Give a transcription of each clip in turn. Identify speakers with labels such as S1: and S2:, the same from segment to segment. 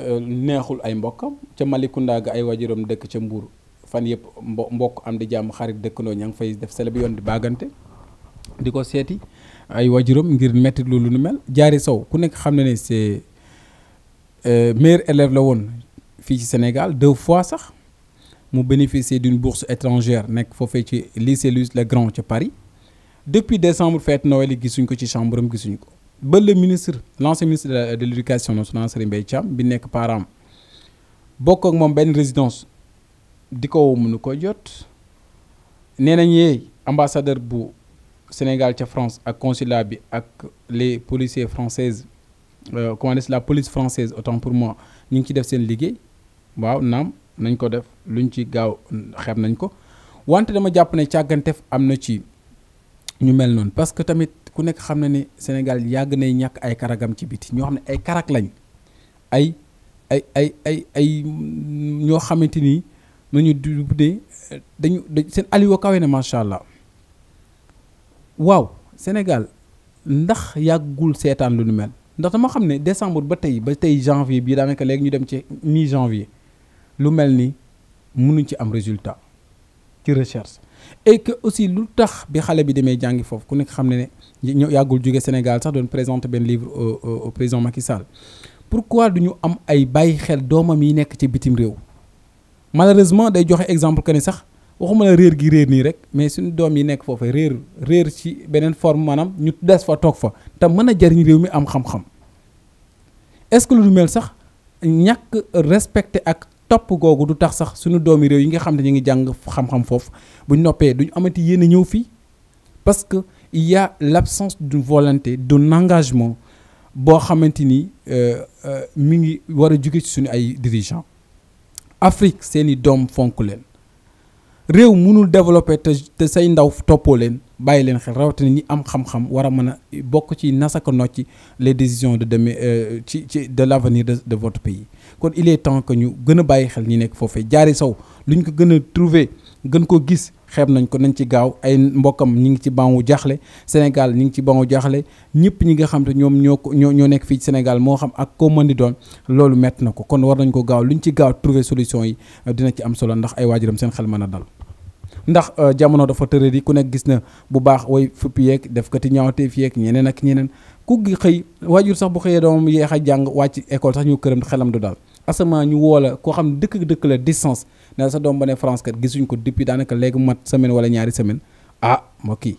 S1: Euh, neexul ay mbokkam ca Malicounda ga ay wajuram dëkk ca mbuur fan yëpp mbo mbokk am di jàmm xarit dëkkandoo ña ngi fay def sele bi yoon di baagante di ko seeti ay wajuram ngir mettit lu nu mel jaari sow ku nekk xam na ne c'est euh, maire élève la woon fii ci Sénégal deux fois sax mu bénéficier d'une bourse étrangère nekk foofee ci lycée Louis le Grand ca Paris depuis décembre fête Noël yi gisuñ ko ci chambre am gisuñ ko ba le ministre l'ancien ministre de l'éducation nationale Serigne Mbaye Thiam bi nekk parent bokk ak moom benn résidence di ko mënu ko jot nee nañ yeey ambassadeur bu Sénégal ca France ak consulat bi ak les policiers française euh, comment dire la police française autant pour moi ñu ngi ci def seen liggéey waaw naam nañ ko def lu luñ ci gaaw xeeb nañ ko wante dama jàpp ne càgganteef am na ci ñu mel noonu parce tamit ku nekk xam na ni Sénégal yàgg nay ñàkk ay karagam ci biti ñoo xam ne ay karak lañ ay ay ay ay ay ñoo xamante ni nañu dudee dañu seen aliwo kawe ne macha allah waaw Sénégal ndax yàggul seetaan lu nu mel ndax dama xam ne décembre ba tey ba tey janvier bii daanaka léegi ñu dem ci mi janvier lu mel ni mënuñ ci am résultat ci recherche et aussi lu tax bi xale bi demee jàngi foofu ku nekk xam ne ne ñu yàggul jóge Sénégal sax doon présenter benn livre au président Macky pour pourquoi du ñu am ay bàyyi xel doomam yi nekk ci bitim réew malheureusement day joxe exemple que ni sax waxuma la réer gi réer nii rek mais suñu doom yi nekk foofu réer réer ci beneen forme maanaam ñu des fa toog fa te mën a jariñ réew mi am xam-xam est lu du mel sax ñàkk respecté ak topp googu du tax sax suñu doomi réew yi nga xam ne ñu ngi jàng xam-xam foofu buñ noppee duñ amati yéen ñëw fii parce que il y a l'absence d'une volonté d'un engagement boo xamante ni euh, euh, mi ngi war a jóge ci suñu ay dirigeants Afrique seeni doom fonk leen réew mënul développer te te say ndaw toppoo leen bàyyi leen xel rawatina ñi am xam-xam war a mën a bokk ci nasaka nocci les décisions de demain euh, ci ci de l' avenir de de votre pays kon il temps que ñu gën a bàyyi xel ñi nekk foofee jaari saw lu ñu ko gën a trouver gën ko gis xeeb nañ ko nañ ci gaaw ay mbokkam ñi ngi ci banwu jaaxle Sénégal ñi ngi ci banwu jaaxle ñëpp ñi nga xam te ñoom ñoo ko ñoo ñoo nekk fii Sénégal moo xam ak koo mën di doon loolu mett na ko kon war nañ ko gaaw lu ñu ci gaaw trouver solution yi dina ci am solo ndax ay waajuram seen xel mën a dal ndax euh, jamono dafa tërër yi ku nekk gis na bu baax way fuppi yeeg def kati ñaawteef yeeg ñeneen ak ñeneen ku gi xëy waajur sax bu xëyee doomam yeex a jàng wàcc école sax ñu këram xelam du daal asamaan ñu woo ko koo xam dëkk dëkk la distance ne sa doom ba ne France kat gisuñ ko depuis daanaka léegi semaine wala ñaari semaine ah moo kii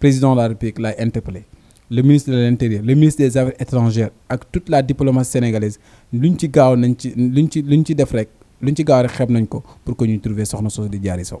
S1: président la république laay interpellé le ministre de l' intérieur le ministre des affaires étrangères ak toute la diplomatie sénégalaise luñ ci gaaw nañ ci luñ ci luñ ci def rek luñ ci gaaw rek nañ ko pour que ñu trouver soxna soosu di jaari sow